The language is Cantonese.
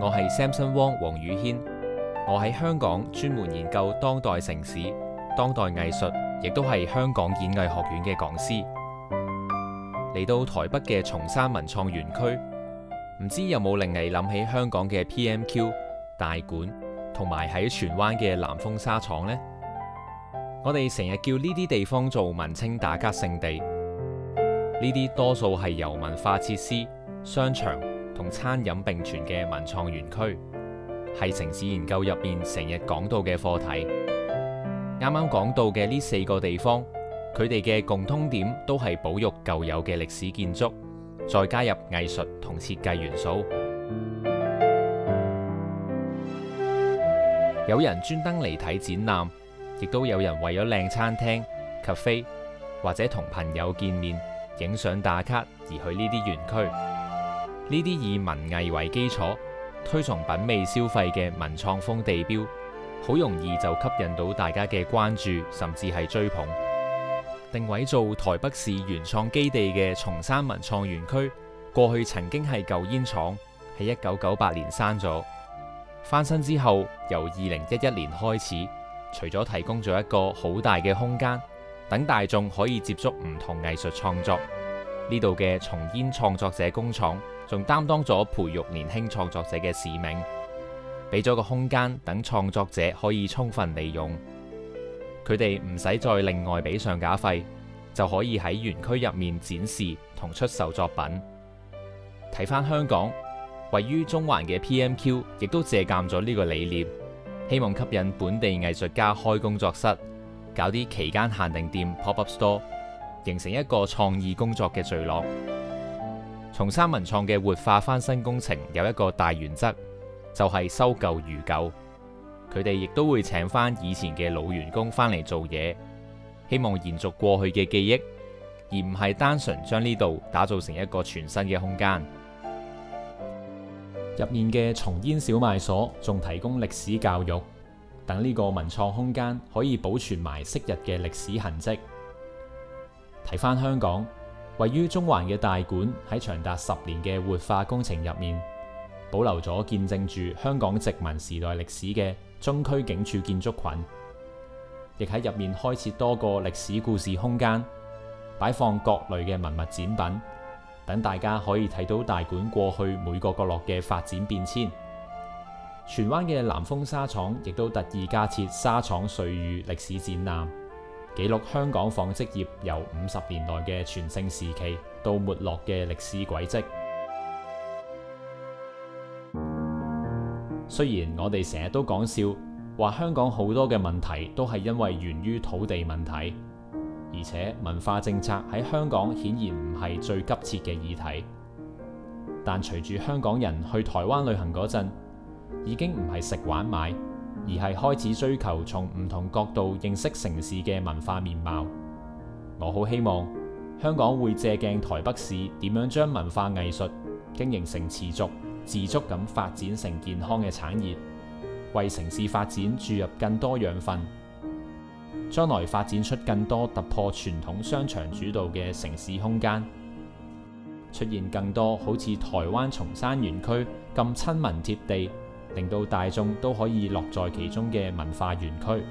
我係 Samson Wong 黃宇軒，我喺香港專門研究當代城市、當代藝術，亦都係香港演藝學院嘅講師。嚟到台北嘅松山文創園區，唔知道有冇令你諗起香港嘅 PMQ 大館，同埋喺荃灣嘅南豐紗廠呢？我哋成日叫呢啲地方做文青打卡聖地，呢啲多數係由文化設施、商場。同餐飲並存嘅文創園區，係城市研究入面成日講到嘅課題。啱啱講到嘅呢四個地方，佢哋嘅共通點都係保育舊有嘅歷史建築，再加入藝術同設計元素。 有人專登嚟睇展覽，亦都有人為咗靚餐廳、咖啡或者同朋友見面、影相打卡而去呢啲園區。呢啲以文藝為基礎、推崇品味消費嘅文創風地標，好容易就吸引到大家嘅關注，甚至係追捧。定位做台北市原創基地嘅松山文創園區，過去曾經係舊煙廠，喺一九九八年閂咗，翻新之後，由二零一一年開始，除咗提供咗一個好大嘅空間，等大眾可以接觸唔同藝術創作，呢度嘅松煙創作者工廠，仲擔當咗培育年輕創作者嘅使命，俾咗個空間等創作者可以充分利用，佢哋唔使再另外俾上架費，就可以喺園區入面展示同出售作品。睇返香港，位於中環嘅 PMQ 亦都借鑒咗呢個理念，希望吸引本地藝術家開工作室，搞啲期間限定店 pop-up store，形成一個創意工作嘅聚落。松山文創嘅活化翻新工程有一個大原則，就係、是、修舊如舊。佢哋亦都會請翻以前嘅老員工翻嚟做嘢，希望延續過去嘅記憶，而唔係單純將呢度打造成一個全新嘅空間。入面嘅松煙小賣所仲提供歷史教育，等呢個文創空間可以保存埋昔日嘅歷史痕跡。睇翻香港。位於中環嘅大館喺長達十年嘅活化工程入面，保留咗見證住香港殖民時代歷史嘅中區警署建築群，亦喺入面開設多個歷史故事空間，擺放各類嘅文物展品，等大家可以睇到大館過去每個角落嘅發展變遷。荃灣嘅南豐紗廠亦都特意加設紗廠歲月歷史展覽。記錄香港紡織業由五十年代嘅全盛時期到沒落嘅歷史軌跡。雖然我哋成日都講笑，話香港好多嘅問題都係因為源於土地問題，而且文化政策喺香港顯然唔係最急切嘅議題。但隨住香港人去台灣旅行嗰陣，已經唔係食玩買。而係開始追求從唔同角度認識城市嘅文化面貌。我好希望香港會借鏡台北市點樣將文化藝術經營成持續自足咁發展成健康嘅產業，為城市發展注入更多養分。將來發展出更多突破傳統商場主導嘅城市空間，出現更多好似台灣松山園區咁親民貼地，令到大眾都可以樂在其中嘅文化園區。